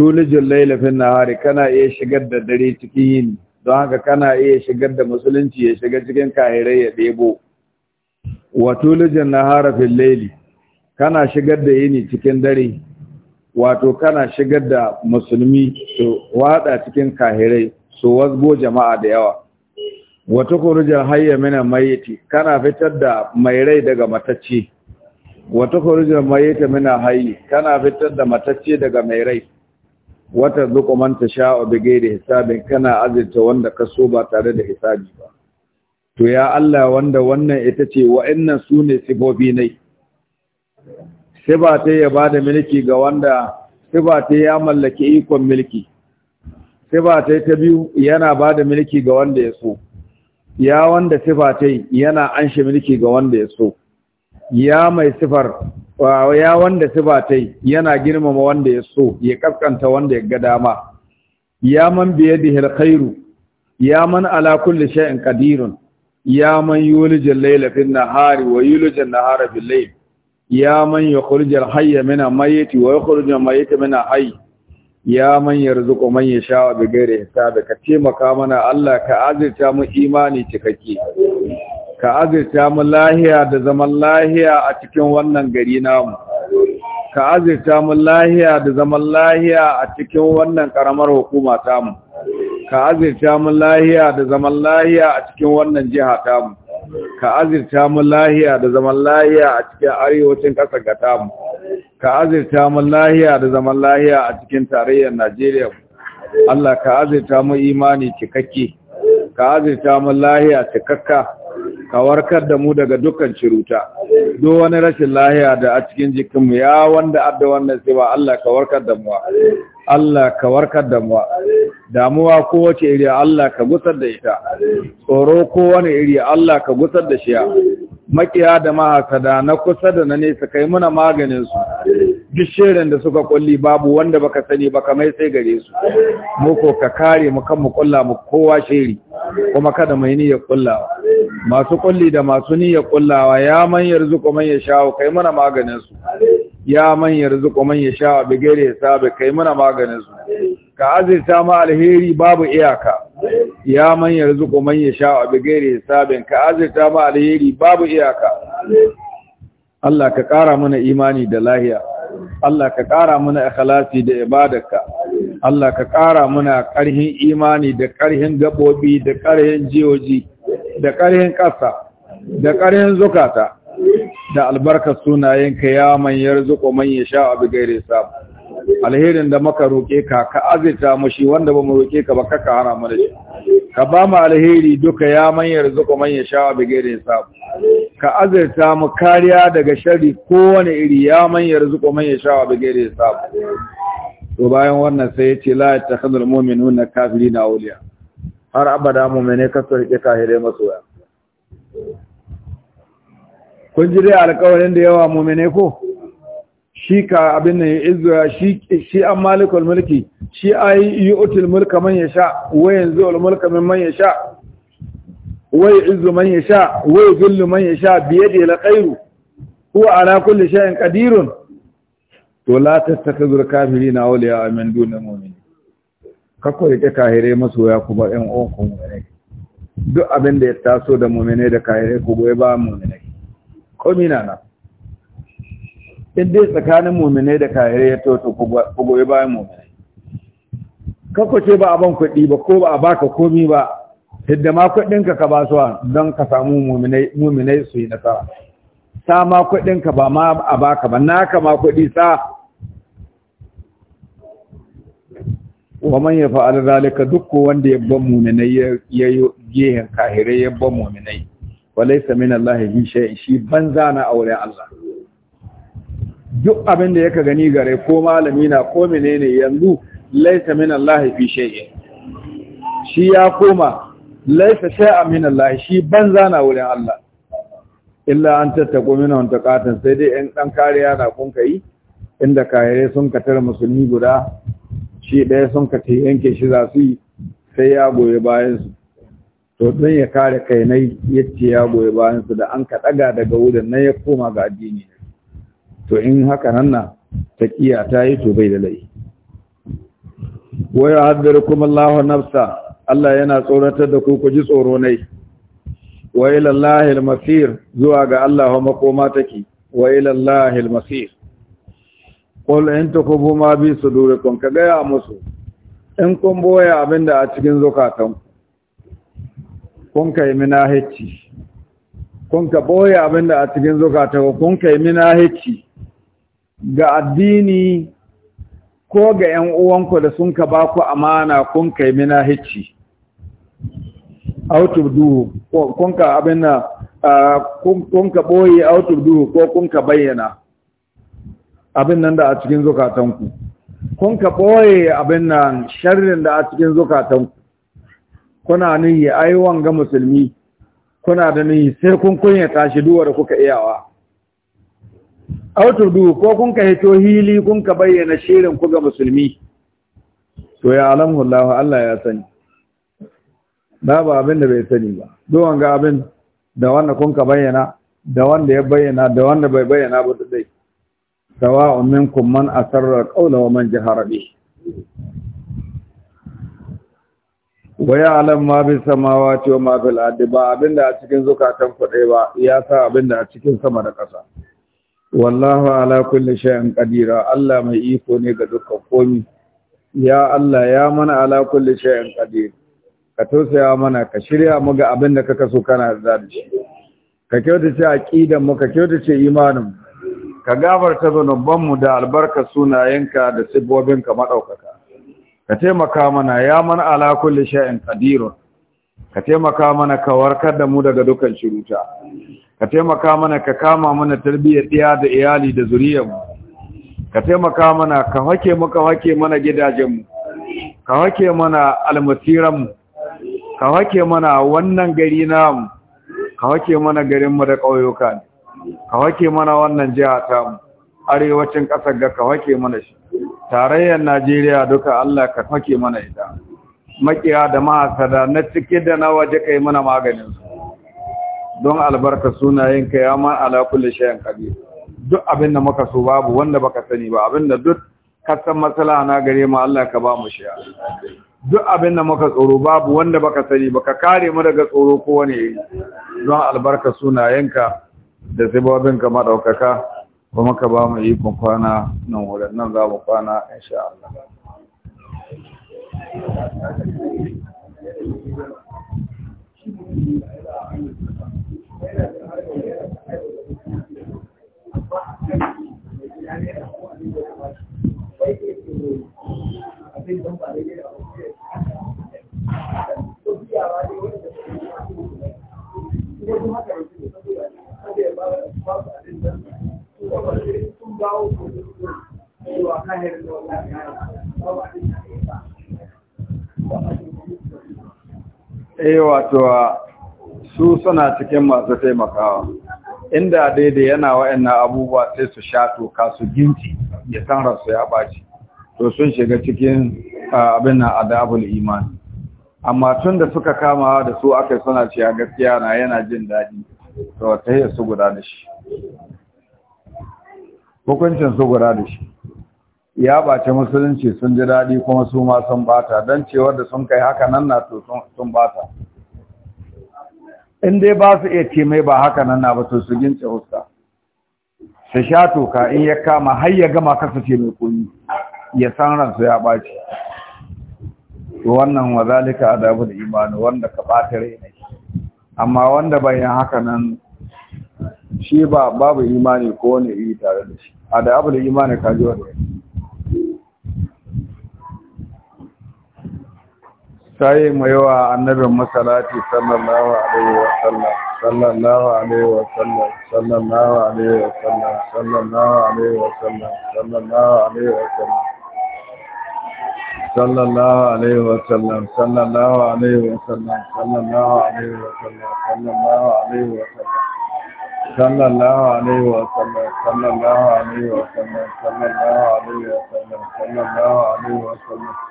tulijin Lailafin fin nahari kana iya shigar da dare cikin yini don haka kana iya shigar da musulunci ya shiga cikin kahirai ya ɗebo wa tulijin nahara fin laili kana shigar da yini cikin dare wato kana shigar da musulmi su wada cikin kahirai su wasgo jama'a da yawa wata kurujar hayya mina mayiti kana fitar da mai rai daga matacce wata kurujar mayita mina hayyi kana fitar da matacce daga mai rai wata zukuman ta sha'o bige da hisabin kana azirta wanda ka so ba tare da hisabi ba to ya Allah wanda wannan ita ce wa'annan sune ne sifofi ne siba ta ya ba da milki ga wanda siba ta ya mallake ikon milki siba ta ta biyu yana ba da milki ga wanda ya so ya wanda sifa ta yana shi milki ga wanda ya so ya mai sifar ya wanda sifa ta yana girmama wanda ya so ya kaskanta wanda ya ga dama ya man da alkhairu ya man ala kulli shay'in qadirun ya man yulijul layla fin nahari wa yulijul nahara bil layl ya man kurjar hayya mina al wa ya kurjar min mina hayi ya man yarzuqu man wa bigare ta da ka taimaka mana Allah ka azirta mu imani cikakke ka azirta mu lahiya da zaman lahiya a cikin wannan gari namu ka azirta mu lahiya da zaman lahiya a cikin wannan karamar hukuma tamu ka azirta mu lahiya da zaman lahiya a cikin wannan jiha tamu ka azirta mu lahiya da zaman lahiya a cikin arewacin ƙasar ga tamu ka azirta mu lahiya da zaman lahiya a cikin tarayyar Najeriya Allah ka azirta mu imani cikakke ka azirta mu lahiya cikakka ka warkar da mu daga dukkan ciruta duk wani rashin lahiya da a cikin jikinmu ya wanda adda wannan sai ba Allah ka warkar da mu Allah ka warkar da mu damuwa kowace iri Allah ka gusar da ita tsoro kowane iri Allah ka gusar da shi makiya da mahasada na kusa da na nesa kai muna maganin su duk shirin da suka kulli babu wanda baka sani ba kamar sai gare su mu ko ka kare mu kan mu kulla mu kowa shiri kuma kada mai niyyar kullawa masu kulli da masu niyyar kullawa ya man yarzuku ya yasha kai muna maganin su ya man yarzuqu man yasha bi ghairi hisab kai muna maganin su ka azirta ma alheri babu iyaka ya man yarzuqu man yasha bi ghairi hisabin ka azirta ma alheri babu iyaka Allah ka ƙara mana imani da lahiya Allah ka ƙara mana ikhlasi da ibadarka Allah ka ƙara mana ƙarhin imani da ƙarhin gabobi da ƙarhin jiyoji da ƙarhin ƙasa da ƙarhin zukata da albarkar sunayenka ya man yarzuqu man yasha abu ghairi sa alherin da maka roke ka ka azita mushi wanda mu roke ka ba kaka hana mu shi ka ba mu alheri duka ya man yarzuqu man yasha abu ghairi sa ka azita mu kariya daga shari kowane iri ya man yarzuqu man yasha abu ghairi sa to bayan wannan sai ya ce la yattakhadul mu'minuna kafirina awliya har abada mu'mine kasar rike kahire masoya kun ji dai alƙawarin da yawa mu'mine ko shi ka abin nan izra shi shi an malikul mulki shi ai yu'til mulka man yasha wa yanzu'ul mulka man yasha wa yu'izzu man yasha wa yuzillu man yasha bi yadi la khairu huwa ala kulli shay'in qadirun to la tattakhidhul kafirin awliya min dunil ka ko yake kahire masoya kuma ɗan uwan ku duk abin da ya taso da mu'minai da kahire ku goye ba mu'minai Komina na nan in dai tsakanin mummune da kayarai ya toto ku goyi bayan mummune kakko ce ba a ban kuɗi ba ko ba a baka komi ba hidda ma kuɗinka ka ba su don ka samu mummune su yi nasara sa ma kuɗinka ba ma a baka ba naka ma kuɗi sa wa man ya fa'al zalika duk wanda ya ban muminai ya yi gehen kahirai ya ban muminai walaysa min Allah hi shay'in shi banza na auren Allah duk abin da yaka gani gare ko malami na ko menene yanzu laysa min Allah fi shay'in shi ya koma laysa shay'an min Allah shi banza na auren Allah illa an tattako min on takatan sai dai ɗan dan kariya na kun kai inda kayare sun katar musulmi guda shi ɗaya sun kace yanke shi za su yi sai ya goyi bayansu to don ya kare kai na yace ya goyi bayan su da an ka daga daga wurin nan ya koma ga addini to in haka nan na taqiya ta yi to bai da lai wa kuma Allahu nafsa Allah yana tsoratar da ku ku ji tsoro nai wa ila Allahil masir zuwa ga Allah makoma take wa ila Allahil masir qul in tukubu ma bi sudurikum ka ga ya musu in kun boye abinda a cikin zukatanku kun ka yi minahici kun ka ɓoye abin da a cikin zukata kun ka yi minahici ga addini ko ga ‘yan uwanku da sun ka ba ku amana kun kai minahici out of kun ka abin da kun ka ɓoye out of duhu ko kun ka bayyana abin nan da a cikin zukatanku kun ka ɓoye abin nan sharrin da a cikin zukatanku kuna nuhi ayuwan ga musulmi kuna da nuhi sai kun kunya tashi duwar kuka iyawa du ko kun ka hito hili kun ka bayyana shirin ku ga musulmi to ya alamu Allah Allah ya sani babu abin da bai sani ba duwan ga abin da wanda kun ka bayyana da wanda ya bayyana da wanda bai bayyana ba dai sawa'un minkum man asarra qawla wa man jahara bihi wa ya'lam ma bis samawati wa ma fil ardi ba abinda a cikin zukatan fade ba ya sa abinda a cikin sama da ƙasa wallahu ala kulli shay'in qadira Allah mai iko ne ga dukkan komi ya Allah ya mana ala kulli shay'in qadir ka tausaya mana ka shirya mu ga abinda ka kaka so kana da shi ka kyautace aqidan mu ka kyautace imanin ka gafarta zanubban mu da albarkar sunayenka da sibobinka madaukaka ka taimaka mana ya man ala kulli shay'in qadir ka taimaka mana ka warkar da mu daga dukan shiruta ka taimaka mana ka kama mana tarbiyyar diya da iyali da zuriyar mu ka taimaka mana ka hake mu ka hake mana gidajen mu ka hake mana almasiran mu ka hake mana wannan gari namu ka hake mana garin mu da ƙauyuka ka hake mana wannan jiha ta mu arewacin ƙasar ga ka hake mana shi tarayyar Najeriya duka Allah ka fake mana ita makiya da mahasada na cike da na waje kai mana maganin su don albarka sunayen ka ya ala kulli shay'in kabi. duk abinda muka so babu wanda baka sani ba abinda duk kasan matsala na gare mu Allah ka ba mu shi duk abinda muka tsoro babu wanda baka sani ba ka kare mu daga tsoro ko wani don albarka sunayen ka da sabobin ka madaukaka kuma ka ba mu ikon kwana nan wurin nan za mu kwana insha Allah Thank you. eh wato su suna cikin masu taimakawa inda daidai yana wa'annan abubuwa sai su sha toka su ginci ya san rasu ya baci to sun shiga cikin abin na adabul iman. amma tun da suka kama da su aka suna a gaskiya na yana jin daɗi to ta yi su guda da shi hukuncin su guda da shi ya bace musulunci sun ji daɗi kuma su ma sun bata don cewar da sun kai haka nan na to sun bata in dai ba su iya ce mai ba haka nan na ba to su gince huska su sha toka in ya kama har ya gama kasa ce mai koyi ya san ransu ya ɓaci wannan wa zalika adabu da imani wanda ka ɓata rai ne amma wanda bayan haka nan shi ba babu imani ko wani iri tare da shi adabu da imani ka ji wani ta yi mai yawa annabin masalati sallallahu alaihi wa sallam sallallahu alaihi wa sallam sallallahu alaihi wa sallam sallallahu alaihi wa sallam sallallahu alaihi wa sallam sallallahu alaihi wa sallam sallallahu alaihi wa sallam sallallahu alaihi wa sallam sallallahu alaihi wa sallam sallallahu alaihi wa sallam sallallahu alaihi wa sallam sallallahu alaihi wa sallam sallallahu alaihi wa sallam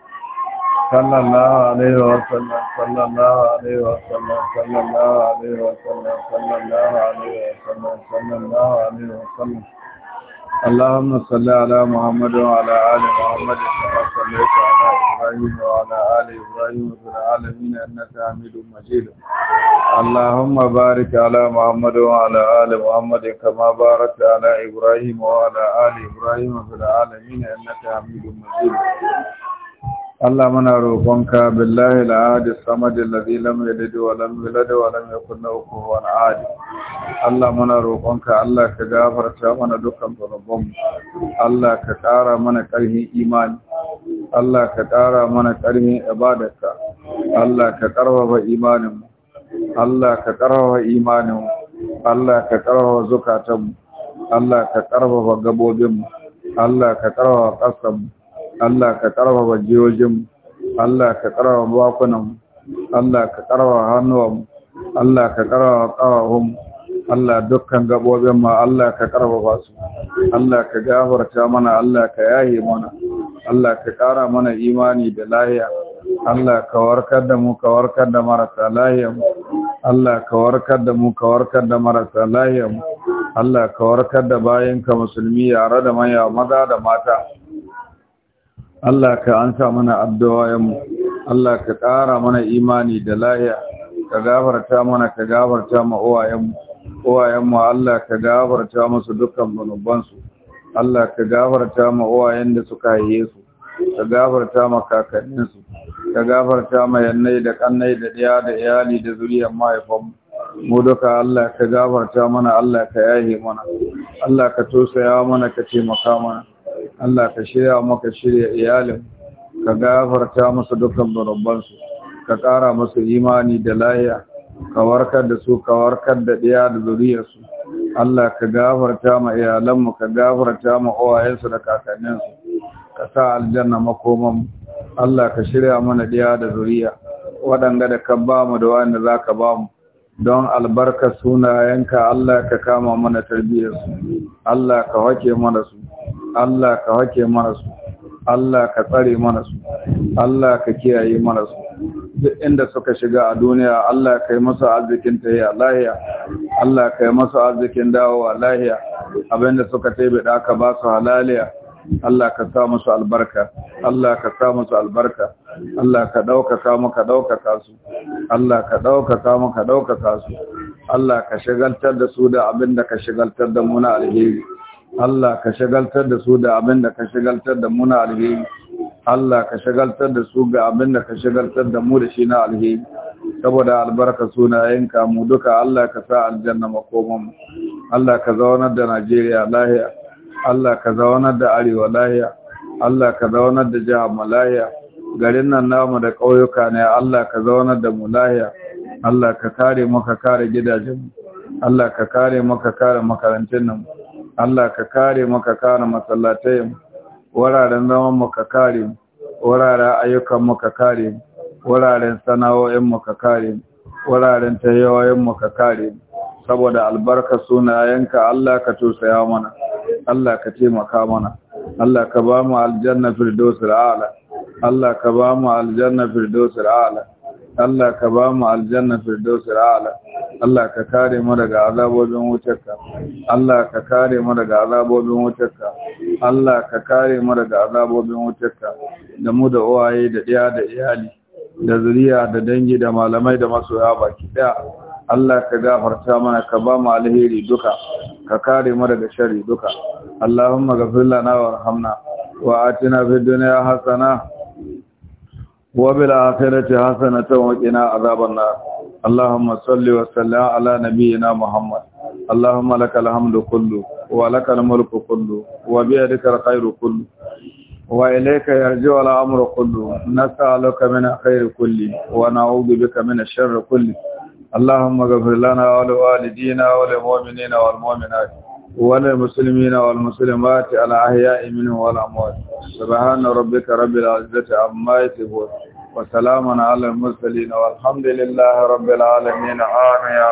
صلى الله عليه وسلم صلى الله عليه وسلم صلى الله عليه وسلم صلى الله عليه وسلم صلى الله عليه وسلم اللهم صل على محمد وعلى ال محمد كما صليت على ابراهيم وعلى ال ابراهيم في العالمين انك حميد مجيد اللهم بارك على محمد وعلى ال محمد كما باركت على ابراهيم وعلى ال ابراهيم في العالمين انك حميد مجيد Allah muna roƙonka billahi al-ahadi samad alladhi lam yalid wa Allah ka gafarta mana dukkan zunubanmu ka ƙara mana ƙarfin imani Allah ka ƙara mana ƙarfin ibadarka Allah Allah ka ƙarfafa imaninmu zukatanmu gabobinmu ƙasarmu Allah ka karfafa jiyojin Allah ka karfafa bakunan Allah ka karfafa hannuwan Allah ka karfafa kawahun Allah dukkan gabobin ma Allah ka karfafa basu. Allah ka gafarta mana Allah ka yaye mana Allah ka kara mana imani da lahiya Allah ka warkar da mu ka warkar da marasa lahiyar Allah ka warkar da mu ka warkar da marasa lahiyar Allah ka warkar da bayanka musulmi yare da maya maza da mata Allah ka ansa mana addu'o'inmu Allah ka ƙara mana imani da lahiya ka gafarta mana ka gafarta ma uwayenmu uwayenmu Allah ka gafarta musu dukkan zunubansu Allah ka gafarta ma uwayen da suka haife su ka gafarta ma kakanninsu ka gafarta ma yannai da kannai da ɗaya da iyali da zuriyar mahaifanmu mu duka Allah ka gafarta mana Allah ka yahe mana Allah ka tosaya mana ka taimaka mana Allah ka shirya maka shirya iyalin ka gafarta musu dukkan barabbansu ka ƙara musu imani da lahiya ka warkar da su ka warkar da ɗaya da zuriyarsu Allah ka gafarta ma iyalanmu ka gafarta ma uwayensu da kakanninsu ka sa aljanna makoman Allah ka shirya mana ɗiya da zuriya waɗanda da ka ba mu da wanda za ka ba mu don albarka sunayenka Allah ka kama mana tarbiyyarsu Allah ka wake mana su Allah ka wake mana su Allah ka tsare mana su Allah ka kiyaye mana su duk inda suka shiga a duniya Allah ka yi masa arzikin tahiya lahiya Allah ka yi masa arzikin dawowa lahiya abinda suka taibe da aka ba su halaliya Allah ka sa musu albarka Allah ka sa musu albarka Allah ka ɗaukaka mu ka ɗaukaka su Allah ka ɗaukaka mu ka ɗaukaka su Allah ka shagaltar da su da abin da ka shagaltar da mu na alheri Allah ka shagaltar da su da abin da ka shagaltar da mu na alheri Allah ka shagaltar da su ga abin da ka shagaltar da mu da shi na alheri saboda albarka sunayenka mu duka Allah ka sa aljanna makoman Allah ka zaunar da Najeriya lahiya Allah ka zaunar da arewa lahiya Allah ka zaunar da jiha malaya lahiya garin nan namu da ƙauyuka ne Allah ka zaunar da mu lahiya Allah ka kare mu ka kare gidajen mu Allah ka kare mu ka kare makarantun nan Allah ka kare mu ka kare masallatai mu wuraren zaman mu ka kare mu wuraren ayyukan mu ka kare mu wuraren sana'o'in mu ka kare mu wuraren tayoyin mu ka kare mu saboda albarka sunayenka Allah ka tusaya mana Allah ka taimaka mana Allah ka ba mu aljanna firdausul a'la Allah ka ba mu aljanna firdausul a'la Allah ka ba mu aljanna firdausul a'la Allah ka kare mu daga azabobin wutarka Allah ka kare mu daga azabobin wutarka Allah ka kare mu daga azabobin wutarka da mu da uwaye da da iyali da zuriya da dangi da malamai da masoya baki ɗaya. Allah ka gafarta mana ka ba mu alheri duka ka kare mu daga sharri duka Allahumma ghfir lana warhamna wa atina fid dunya hasana wa bil akhirati hasanatan wa qina azaban nar Allahumma salli wa sallim ala nabiyyina Muhammad Allahumma lakal hamdu kullu wa lakal mulku kullu wa bi yadika khairu kullu وإليك يرجع الأمر كله نسألك من Wa كله ونعوذ بك من sharri kulli اللهم اغفر لنا ولوالدينا وللمؤمنين والمؤمنات وللمسلمين والمسلمات الأحياء منهم والأموات سبحان ربك رب العزة عما يصفون وسلام على المرسلين والحمد لله رب العالمين آمين يا